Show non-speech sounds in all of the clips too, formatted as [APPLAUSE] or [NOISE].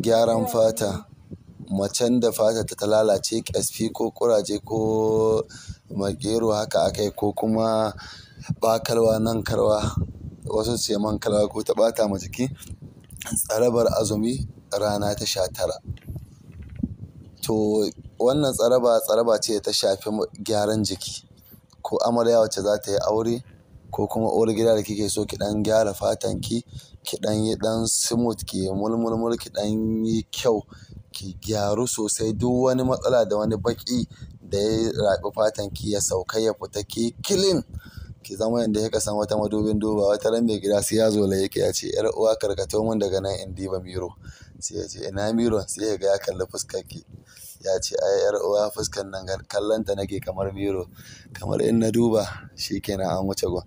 gyaran fata macen da fata ta lalace ƙyasfi ko ƙuraje ko makero haka akai ko kuma bakalwa nan karwa wasu ce man kalwa ko ta bata ma jiki tsarabar azumi rana ta sha tara to wannan tsaraba tsaraba ce ta shafi gyaran jiki ko amarya wacce za ta yi aure ko kuma uwar gida da kike so ki dan gyara fatan ki ki dan yi dan smooth ki mulmulmul ki dan yi kyau ki gyaru sosai duk wani matsala da wani baki da ya rabi fatan ki ya sauka ya fita ki kilin ki zama yanda ya san wata madubin duba wata ran mai gida sai ya zo la yake ya ce yar uwa karkato mun daga nan in diba miro sai ya ce ina miro sai ya ga ya kalli fuskar ki ya ce ai yar uwa fuskar nan kallanta nake kamar miro kamar in na duba shikenan an wuce gwan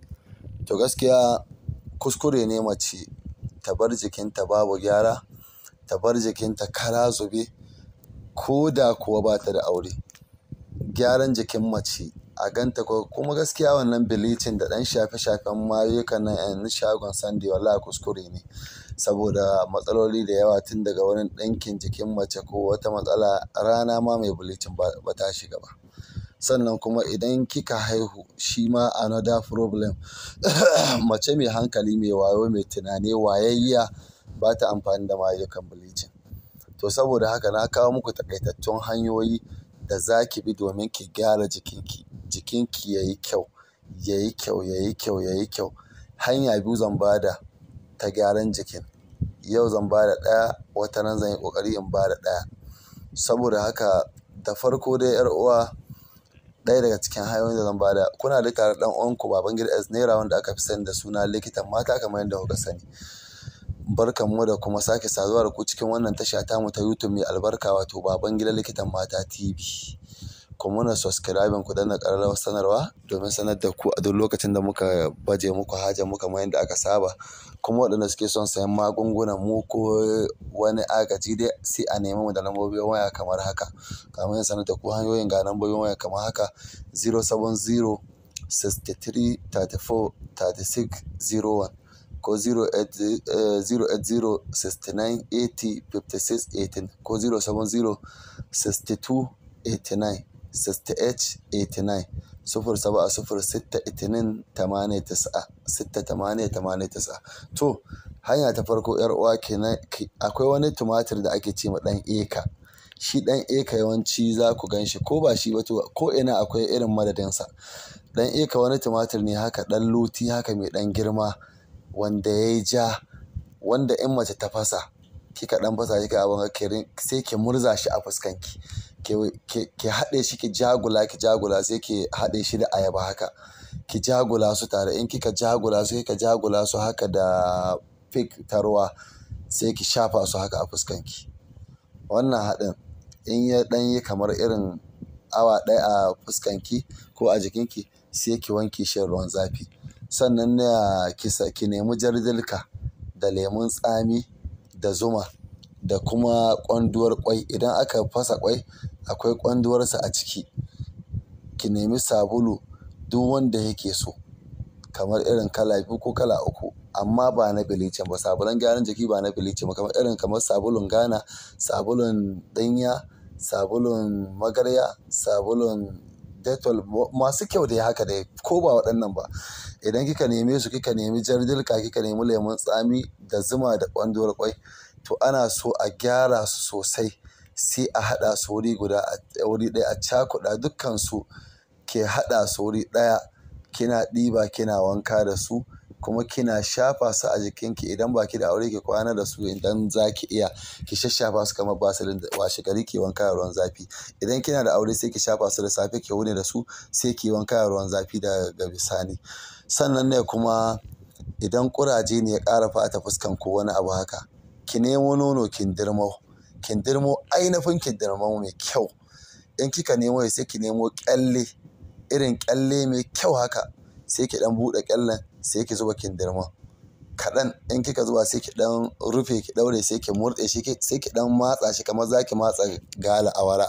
To gaskiya kuskure ne mace ta bar jikinta babu gyara, ta bar jikinta kara zube ko da kuwa ba ta da aure. Gyaran jikin mace a ganta kuma gaskiya wannan bilicin da ɗan shafe-shafen mayukan nan 'yan shagon Sunday wallahi kuskure ne. Saboda matsaloli da yawa tun daga wani ɗinkin jikin mace ko wata matsala rana ma mai bilicin ba ta shiga ba. sannan kuma idan kika haihu shi ma another problem [COUGHS] mace mai hankali mai wayo mai tunani wayayya ba ta amfani da mayukan bleaching to saboda haka na kawo muku takaitattun hanyoyi da za ki bi domin ki gyara jikinki jikinki ya yi kyau ya yi kyau ya yi kyau ya yi kyau hanya biyu zan bada ta gyaran jikin yau zan da ɗaya wata nan zan yi ƙoƙari in bada ɗaya saboda haka da farko dai 'yar uwa ɗaya daga cikin hanyoyin da zan bada kuna da tare dan uwanku gida S Naira wanda aka fi sani da suna likitan mata kamar yadda kuka sani barkan mu da kuma sake saduwa da ku cikin wannan tasha mu ta YouTube mai albarka wato baban gida likitan mata TV ku muna subscribing ku danna ƙararrawar sanarwa domin sanar da ku a duk lokacin da muka baje muku haja muka kamar da aka saba kuma waɗanda suke son sayan magungunan mu ko wani agaji dai sai a nemi mu da lambobin waya kamar haka kamar yin sanar da ku hanyoyin ga lambobin waya kamar haka 070 63 34 36 01 ko 080-69-80-56-18 eh, ko 070-62-89 6889 to hanya ta farko yar uwa kenan akwai wani tumatir da ake ce ma dan eka shi dan eka yawanci za ku gan shi ko ba shi ba ko ina akwai irin madadinsa dan eka wani tumatir ne haka dan luti haka mai dan girma wanda ya yi ja wanda in mace ta fasa kika dan fasa kika abin sai ki murza shi a fuskanki ki haɗe shi ki jagula ki jagula sai ki haɗe shi da ayaba haka ki jagula su tare in kika jagula su kika jagula su haka da fik tarwa sai ki shafa su haka a fuskanki wannan haɗin in ya ɗan yi kamar irin awa ɗaya a fuskanki ko a jikinki sai ki wanke shi ruwan zafi sannan na kisa ki nemi jardilka da lemun tsami da zuma da kuma ƙwanduwar ƙwai idan aka fasa ƙwai akwai ƙwanduwarsa a ciki ki nemi sabulu duk wanda yake so kamar irin kala biyu ko kala uku amma ba na bilicin ba sabulan gyaran jiki ba na bilicin ba kamar irin kamar sabulun gana sabulun ɗanya sabulun magarya sabulun detol masu kyau da ya haka da ko ba waɗannan ba idan kika neme su kika nemi jardilka kika nemi lemun tsami da zuma da ƙwanduwar kwai to ana so a gyara su sosai sai a haɗa su wuri guda wuri ɗaya a cakuɗa dukkansu ke haɗa su wuri ɗaya kina ɗiba kina wanka da su kuma kina shafa su a jikinki idan ba ki da aure ki kwana da su idan za ki iya ki shashafa su kamar basirin da washe gari ki wanka da ruwan zafi idan kina da aure sai ki shafa su da safe ki wune da su sai ki wanka da ruwan zafi daga bisani sannan ne kuma idan kuraje ne ya ƙara fata fuskan ko wani abu haka ki nemo nono kin dirmau kindirmo ainihin kindirmo mai kyau in kika nemo sai ki nemo kyalle irin kyalle mai kyau haka sai ki dan bude kyallen sai ki zuba kindirmo kaɗan in kika zuwa sai ki dan rufe ki daure sai ki murɗe shi sai ki dan matsa shi kamar zaki matsa gala awara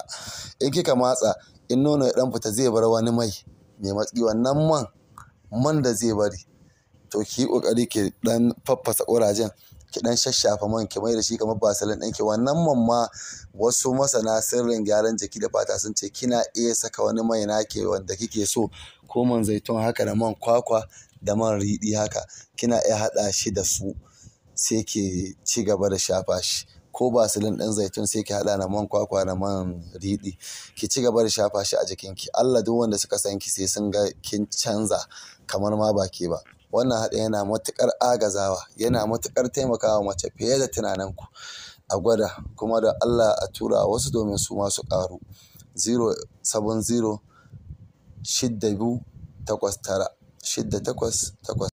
in kika matsa in nono ya dan fita zai bar wani mai mai matsi wannan man man da zai bari to ki yi kokari ki dan faffasa kurajen ki dan shashafa man ki mai da shi kamar basalin ɗanki wannan man wasu masana sirrin gyaran jiki da fata sun ce kina iya saka wani mai nake wanda kike so ko man zaitun haka da man kwakwa da man riɗi haka kina iya haɗa shi da su sai ki ci gaba da shafa shi ko basilin ɗin zaitun sai ki haɗa da man kwakwa da man riɗi ki ci gaba da shafa shi a jikinki Allah duk wanda suka san ki sai sun ga kin canza kamar ma ba ke ba wannan haɗin yana matuƙar agazawa yana matuƙar taimakawa mace fiye da tunaninku a gwada kuma da Allah a tura wasu domin su masu ƙaru 070 6 8 tara 68